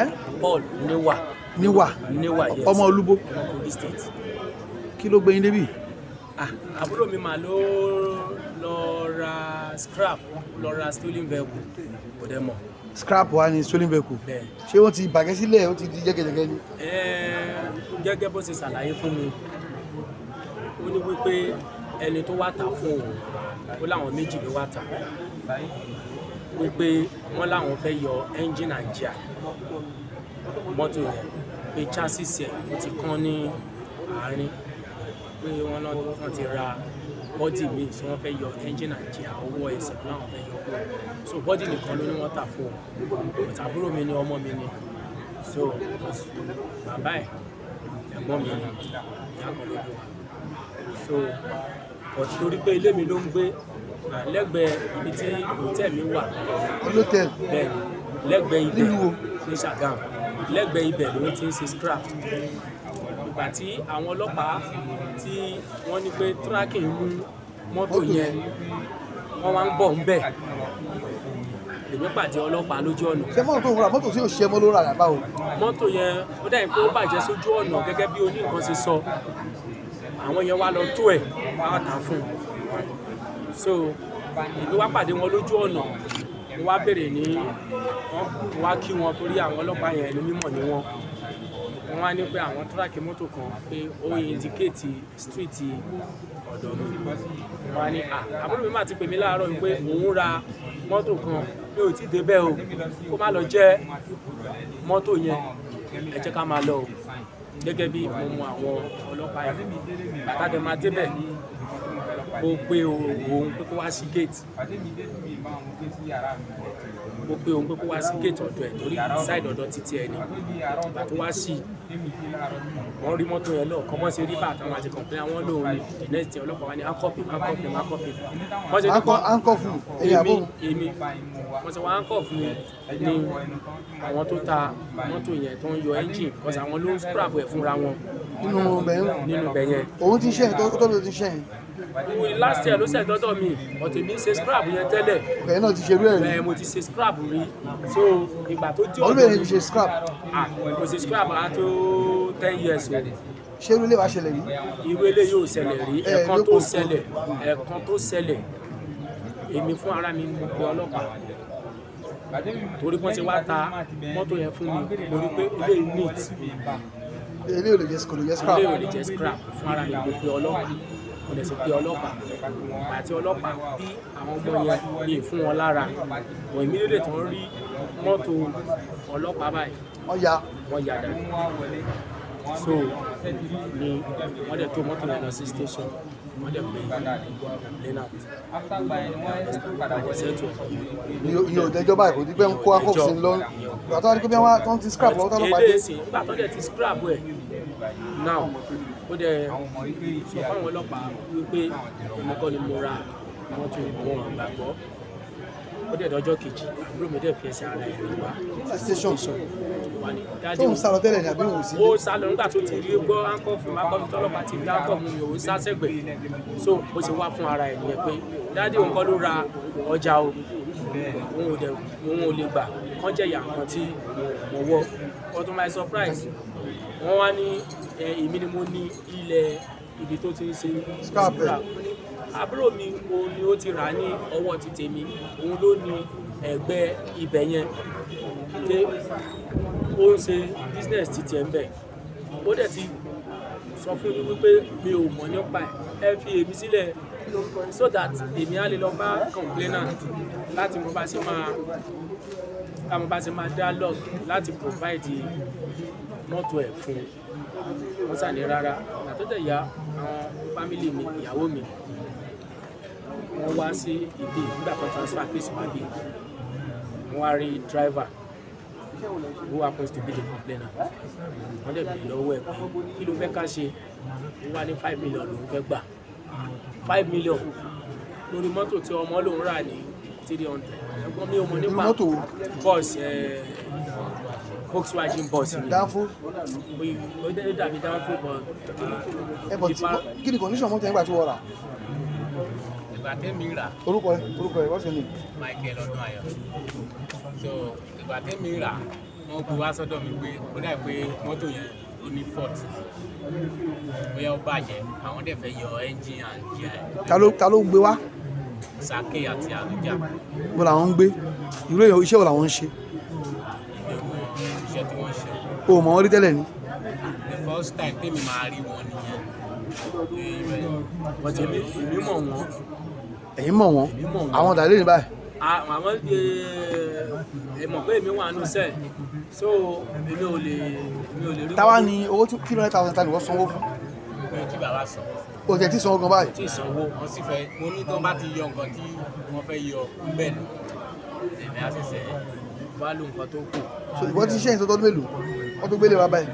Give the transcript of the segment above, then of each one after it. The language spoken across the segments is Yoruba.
Eh? Paul Niwa. Niwa. Niwa yes. ọmọ olúbo. Kogi state. kí ló gbé yín débì. Ah, àbúrò mi mà ló lọ ra scrap lọ ra stolen vehicle kò dẹ̀ mọ̀. scrap wa ni stolen vehicle. bẹ́ẹ̀ ṣé wọ́n ti bàgẹ́ sílẹ̀ ó ti di jẹ́gẹ́jẹ́gẹ́ ni. gẹ́gẹ́ bó ṣe ṣàlàyé fún mi ó ní wípé ẹni tó wá tà fún òun ó láwọn méjì ló wá tà wípé wọ́n láwọn fẹ́ yọ ẹ́ńjìnì àjíà mọ́tò yẹn pé chassis yẹn ó ti kán ní àárín pé wọ́n náà ti ra bọ́dì míì tí wọ́n fẹ́ yọ ẹ́ńjìnì àjíà owó ẹsẹ̀ wọn láwọn fẹ́ yọ kúrò so bọ́dì nìkan ló ní wọ́n tà fún un àbúrò mi ni ọmọ mi ni so bàbá ẹ̀ ẹ̀gbọ́n mi ni ìyá kan ló dùn so but torí pé ilé mi ló ń gbé lẹ́gbẹ̀ẹ́ ibi tí hòtẹ́ẹ̀lì mi wà. olótẹ́ẹ̀lì. bẹ́ẹ̀ni lẹ́gbẹ̀ẹ́ ibẹ̀ ní Ṣàgámù lẹ́gbẹ̀ẹ́ ibẹ̀ ló ti ń ṣe scrap ìgbà tí àwọn ọlọ́pàá tí wọ́n ní pé tracking mú mọ́tò yẹn wọ́n wá ń bọ̀ ń bẹ̀ èmi pàdé ọlọ́pàá lójú ọ̀nà. ṣé mọ́tò tó ń ra mọ́tò tí yóò ṣe mọ́ ló ra àyàbá o. mọ́tò yẹn ó dà pé ó bàjẹ́ sójú ọ̀nà gẹ́gẹ́ bí oní nǹkan ṣe sọ àwọn yẹn wá lọ tó ẹ̀ wá tà fún un so èmi wá pàdé wọn lójú ọ̀nà mo wá bèrè ní mo wá kí wọn torí àwọn ọlọ́pàá yẹn ní mímọ̀ ní wọn wọn wá ní pé àwọn tíráàkì mọ́tò kan pé ó indicate street ọ̀dọ̀ mi wọn ní à àbúrò mi mà ti pè mí láàárọ̀ pé òun ra mọ́tò kan mi ò tí ì débẹ̀ o kó má lọ jẹ́ mọ́tò yẹn ẹ jẹ́ ká máa lọ o gẹ́gẹ́ bí mo mọ àwọn ọlọ́pàá yẹn bàtà dẹ̀ máa débẹ̀ mo pé òun pé kó wá sí gate mo pé òun pé kó wá sí gate ọ̀dọ̀ ẹ̀ torí side ọ̀dọ̀ títí ẹ̀ ni ìgbà tó wá sí wọ́n rí mọ́tò yẹn náà kọ́mọ́ sí rí bàtà wọn àti complain àwọn lòun ni the next day ọlọ́pàá wa ni ankọ́pì ankọ́pì ankọ́pì wọ́n ṣe ní kọ́ ankọ́fù èmi èmi wọ́n ṣe wọ́n ankọ́fù ni àwọn tó ta mọ́tò yẹn tó ń yọ engine cause àwọn ló ń scrap ẹ̀ fúnra wọn nínú bẹ̀yẹn òun ti ṣe tó tó ló ti ṣe yẹn mo last year ló ṣe dọ́dọ̀ mi ọ̀tẹ̀ mi ń ṣe scrap yẹn tẹ́lẹ̀ ọ̀kẹ́ náà ti ṣe rú ẹ̀ rí mo ti ṣe scrap rí so ìgbà tó jẹ́ ọ̀dọ̀ mi ṣe scrap mo ṣe scrap á tó ten years o ṣé irú ilé wa ṣẹlẹ̀ rí irú ilé yóò ṣẹlẹ̀ rí ẹ̀ẹ̀kan tó ṣẹlẹ̀ ẹ̀ẹ̀kan tó ṣẹlẹ̀ èmi fún ara mi mo pe ọlọ́pàá torí wọ́n ti wá ta mọ́tò yẹn fún mi mo rí pé ilé yìí neat ilé ò lè jẹ́ scrap ilé ò lè jẹ́ scrap fún ara mi mo pe ọlọ́pàá mo dẹ̀ sì pé ọlọ́pàá àti ọlọ́pàá bí àwọn ọmọ yẹn lè fún wọn lára wọ̀n mí lè tán rí mọ́tò ọlọ́pàá báyìí wọ́n yà dànù so ni wọ́n dẹ̀ tó mọ́tò yẹn lọ sí station wọ́n dẹ̀ pé lenat ni o dẹjọ́ báyìí kò ní pẹ́ ń kó akọ́kọ́ sí lọ gbàtọ́ ni pé wọ́n ti scrap lọ́wọ́ lọ́pàá dé. èdè sì gbàtọ́ dẹ̀ ti scrap ẹ̀ now ó dẹ̀ sọ fáwọn ọlọ́pàá wípé èmi kọ́ ni mo ra mọ́tò ìbọn àgbàgbọ́ ó dẹ̀ dọ́jọ́ kejì àbúrò mi dẹ̀ fi ẹsẹ̀ ara ẹ̀ wá station wà ní dájú sálọ tẹ́lẹ̀ ní àbí òun sí. ó sálọ nígbà tó ti rí gbọ́ áńkọ́ fún mi akọ́mi tọ́lọ́pàá ti fi áńkọ́ mi òun sá sẹ́gbẹ̀ẹ́ so ó ti wá fún ara ẹ̀ nìyẹn pé dájú òun kọ́ ló ra ọjà o òun ò lè gbà wọ́n jẹ̀yà nǹkan tí mo wọ́ but to my surprise wọ́n wá ní èmi ni mo ní ilẹ̀ ibi tó ti ń ṣe ìbúra àbúrò mi òun ni ó ti rà ní ọwọ́ ti tèmi òun ló ní ẹ̀gbẹ́ ibẹ̀ yẹn pé ó ń ṣe business ti tiẹ̀ ń bẹ̀ ó dẹ̀ ti sọ fún mi wípé mi ò mọ̀ nípa ẹ̀ ẹ fi èmi sílẹ̀ so that èmi á lè lọ bá complainant láti mo bá ṣe máa táwọn bá ti máa dialogue láti provide mọ́tò ẹ̀ fún un wọ́n sàlẹ̀ rárá ìgbà tó dẹ̀ ya àwọn fámìlì mi ìyàwó mi wọ́n wá sí ìdí nígbà kan transfer case wá bí wọ́n á rí driver who happens to be the complainer. wọ́n dẹ̀ bèèrè lọ́wọ́ ẹ̀ pé kí ló fẹ́ ká ṣe wọ́n wá ní five million lòún fẹ́ gbà five million lórí mọ́tò tí ọmọ lòún rà ní three hundred ẹ̀gbọ́n mi ò mọ̀ nípa bọ́ọ̀sì eh, Volkswagen bọ́ọ̀sì ni dáfó ó dàbí dáfó bọ́ ẹ bọ̀ kí ni condition mọ́tò nígbà tí wọ́n rà ìgbà tẹ́mi rà orúkọ ẹ orúkọ ẹ what's your name Michael Ọdúnayọ̀ so ìgbà tẹ́mi rà wọ́n gbé wá sọ́dọ̀ mi pé ó dà pé mọ́tò yẹn ó ní fort bóyá ó bàjẹ́ àwọn dẹ̀ fẹ́ yọ ẹ́ńjìn àǹjì ẹ̀. ta ló ń gbé wá sake àti àlùjá. bó làwọn ń gbé irú èèyàn iṣẹ́ wo làwọn ń ṣe. iṣẹ́ tí wọ́n ṣe. o mọ̀ wọ́n rí tẹ́lẹ̀ ni. the first time tèmi máa rí wọn nìyẹn. wọ́n ti èmi mọ̀ wọ́n. èyí mọ̀ wọ́n àwọn ọ̀dà lè báyìí. àwọn e, ẹ pé èmi wà nù sẹ́ẹ̀ so èmi ò lè rí. táwa ni owó tí kí ní tàwọn ta ni wọ́n sanwó fún. kí bàbá sanwó fún o tẹ̀ tí sanwó gan báyìí. tí sanwó wọn sì fẹ́ mo ní tó bá ti yọ nǹkan tí wọ́n fẹ́ yọ bẹ́ẹ̀ ni èmi á sì sẹ́ fálù nǹkan tó kù. so ìwọ ti ṣe ìtọ́jú mélòó wọ́n tó gbélé wa báyìí.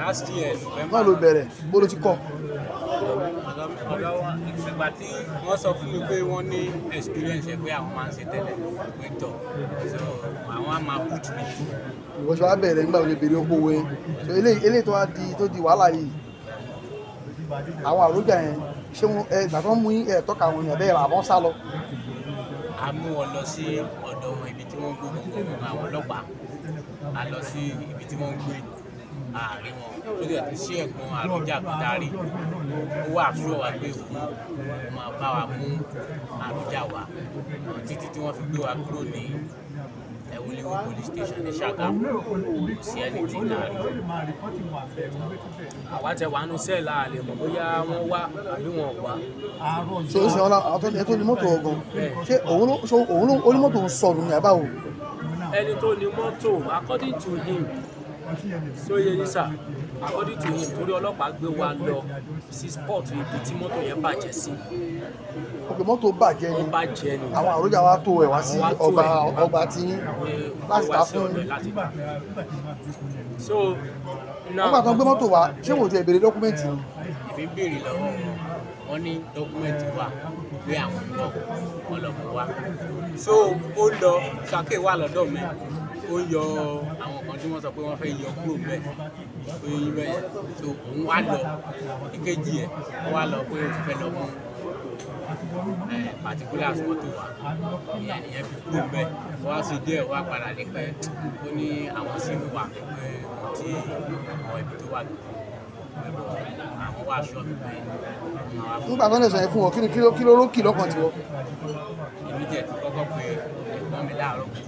last year november náà ló bẹ̀rẹ̀ bó ló ti kọ́. ìgbà tí wọ́n sọ fún mi pé wọ́n ní experience ẹ̀ pé àwọn máa ń ṣe tẹ́lẹ̀ pé tọ̀ so àwọn á máa put me through. ìwọ ṣe wá bẹ̀rẹ̀ nígbà wo lè bèrè okòwò ẹ so eléyìí tó wá di tó di wàhálà yìí àwọn àròjà yẹn ṣé wọn ẹ ìgbà tó ń mú ẹ tọ́ka àwọn èèyàn bẹ́ẹ̀ àbọ̀ sá lọ. a mú wọn lọ sí ọ̀dọ̀ ibi tí wọ́n ń gbógun àwọn ọlọ́pàá a lọ sí ibi tí wọ́n ń gbé àárín wọn lórí ọ̀tí sí ẹ̀kan àròjà kọ̀dárì ó wà fún ọ̀wá pé òun máa bá wa mú àròjà wa títí tí wọ́n fi gbé wa kúrò ní ẹ̀wọ̀lẹ́wọ̀ police station ní Ṣàgámù kò sí ẹni tí náà rí àwa tẹ wàánu sẹ́ẹ̀lá àlè mọ̀ bóyá wọ́n wá àbí wọn wá. ṣé o ṣe ọ́nà ẹ̀tọ́ ni mọ́tò ọ̀gàn ṣé òun ló ní mọ́tò ń sọnù ní àbáwò. ẹni tó ní mọ́tò according to him tí ó yẹ yín sà according to him torí ọlọ́pàá gbé wa lọ sí spot ibi tí mọ́tò yẹn bàjẹ́ sí. ọkọ̀ mọ́tò bàjẹ́ ni bàjẹ́ ni àwọn àròjà wa tó ẹ̀ wá sí ọgbà ọgbà tí láti ta fún so now nígbà tó ń gbé mọ́tò wa ṣé wò ó ti ẹ̀ béèrè dọ́kúmẹ́ǹtì èmi ń béèrè lọ́wọ́ wọn ní dọ́kúmẹ́ǹtì wa pé àwọn náà wọn wa so ó lọ ṣàkè wà lọ́dọ̀ mi ó yọ àwọn kan tí wọ́n sọ pé wọ́n fẹ́ yọ kúrò bẹ́ẹ̀ pé irọ́ ẹ̀ tó òun wá lọ èkejì ẹ̀ ó wá lọ pé òun fẹ́ lọ mú eh, particulars mọ́tò wa ìyẹn ìyẹn fi kúrò bẹ́ẹ̀ wọ́n á sì dé ẹ̀ wá padà ní pẹ́ ó ní àwọn sì ń wà pé kò tí àwọn ibi tó wà àwọn wà ṣọ́ọ̀tù bẹ́ẹ̀. nígbà fún wọn kí ló kí ló rókì lọ́kàn tiwọn. èmi jẹ́ ti kọ́kọ́ pé ẹ̀gbọ́n mi láàárọ̀ kù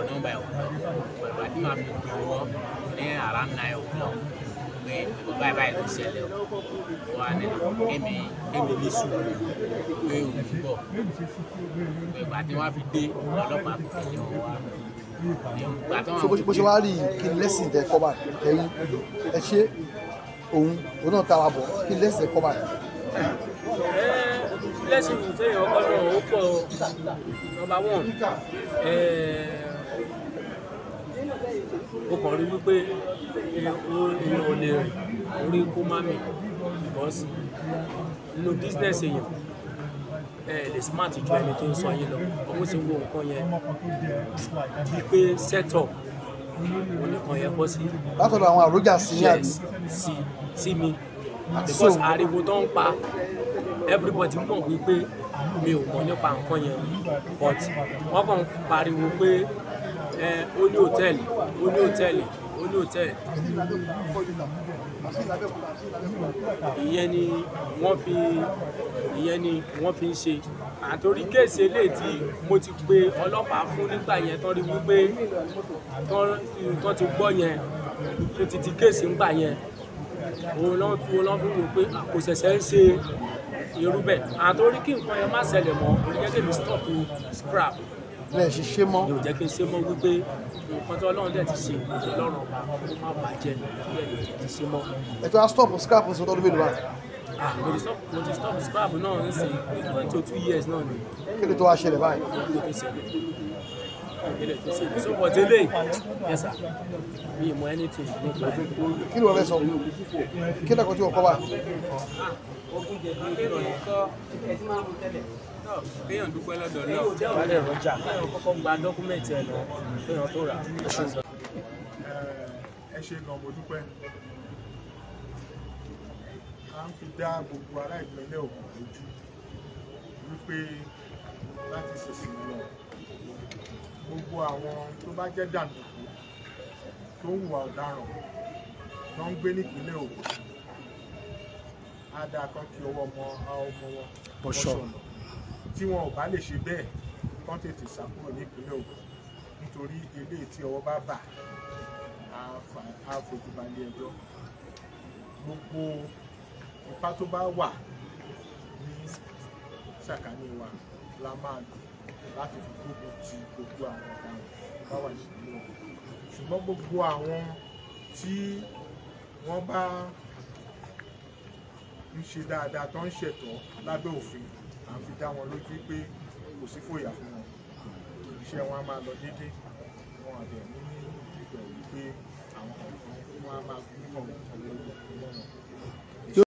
gbọdọ̀ báyìí o pẹ̀lú àti máa fi gbowó ní àrà nine o'clock pé ìbò báyìí báyìí ló ṣẹlẹ̀ o wà ní kémi kémi ní sùúrù pé òun ti bọ̀ pẹ̀lú àti wọ́n fi dé ọlọ́pàá fi fi hàn wá so bó ṣe wá rí kí n lẹ́sìn tẹ kọ́ bá ẹ̀yin ẹ ṣe òun òun náà tara bọ̀ kí n lẹ́sìn kọ́ bá lẹ́sìn tẹ̀yìn ọkọ̀ náà ó pọ̀ number one eh, ó kàn rí wípé èèyàn ò lè rí kó má mì because nínú business èèyàn ẹ lè smart ju ẹni tó ń sọ yín lọ ọmọ sì ń wo nǹkan yẹn bíi set up onìkan yẹn pọ̀ sí. látọ̀dọ̀ àwọn àròjà sí ní àbí. sí sí mi because ariwo tó ń pa everybody mọ̀ wípé mi ò mọ̀ nípa nǹkan yẹn but wọ́n kàn ń pariwo pé ó ní hòtẹ́ẹ̀lì ó ní hòtẹ́ẹ̀lì ó ní hòtẹ́ẹ̀lì. ìyẹn ni wọ́n fi ìyẹn ni wọ́n fi ń ṣe àtòrí kéèsì eléyìí tí mo ti pe ọlọ́pàá fún nígbà yẹn tán rí wípé tán ti gbọ́ yẹn tó ti ti kéèsì ńgbà yẹn òun náà tún wọn fún mi pé kò ṣẹ̀ṣẹ̀ ń ṣe irú bẹ́ẹ̀ àtòrí kí nǹkan yẹn má ṣẹlẹ̀ mọ́ òun yẹn tèmi stop scrap bẹ́ẹ̀ ṣe ṣe mọ́. mi ò jẹ́ kí n ṣe mọ́ wípé nǹkan tí ọlọ́run dẹ̀ ti ṣe ìpàdé lọ́rùn ọba ó má bàjẹ́ nílẹ̀ mi ò jẹ́ kí n ṣe mọ́. ẹ tó a stop scrap ní sọtọ́dún mélòó wa. mo ti stop mo ti stop scrap náà ń sìn twenty two years náà ni. kí ló tó wá ṣẹlẹ̀ báyìí. kí ló tó ṣẹlẹ̀ so for today yes sir mi mọ anything nípa ẹ. kí ló wọ́n fẹ́ sọ kí lẹ́kọ̀ọ́ tí wọ́n kọ́ bá. Ah, ogun jẹ̀bi ìrọ̀lẹ́ kọ́ ẹ̀ tí máa ń mú tẹ́lẹ̀ kéèyàn dúpẹ́ lọ́dọ̀ náà. wọ́n lè rọjà kéèyàn kọ́kọ́ gba dọ́kúmẹ̀ntì ẹ̀ lọ kéèyàn tó rà. ẹ ṣe gan mo dúpẹ́ à ń fi dá gbogbo ará ìpínlẹ̀ Ògùn lójú wípé láti ṣèṣìn lọ gbogbo àwọn tó bá jẹ́ jàǹdùkú tó ń hùwà ọ̀daràn tó ń gbé nípínlẹ̀ Ògùn á dáa kan kí ọwọ́ ọmọ ọmọ wọn bọ́ṣọ̀nù tí wọn ò bá lè ṣe bẹ́ẹ̀ kán tètè sá kúrò nípínlẹ̀ Ògùn nítorí eléyìí tí ọwọ́ bá bà á fojú balẹ̀ ẹjọ́ gbogbo ipá tó bá wà ní sàkání wa la máa lò láti fi gbógun ti gbogbo àwọn ọ̀daràn bá wà nípínlẹ̀ Ògùn ṣùgbọ́n gbogbo àwọn tí wọ́n bá ń ṣe dáadáa tó ń ṣẹ̀tọ́ lábẹ́ òfin à ń fi dá wọn lójú pé kò sí fòyà fún wọn iṣẹ́ wọn á máa lọ dédé wọn àbẹ̀ ní ìbẹ̀rù pé àwọn ọ̀gbọ́n wọn á máa fi ọ̀gbọ́n ọ̀gbọ́n ọ̀gbọ́n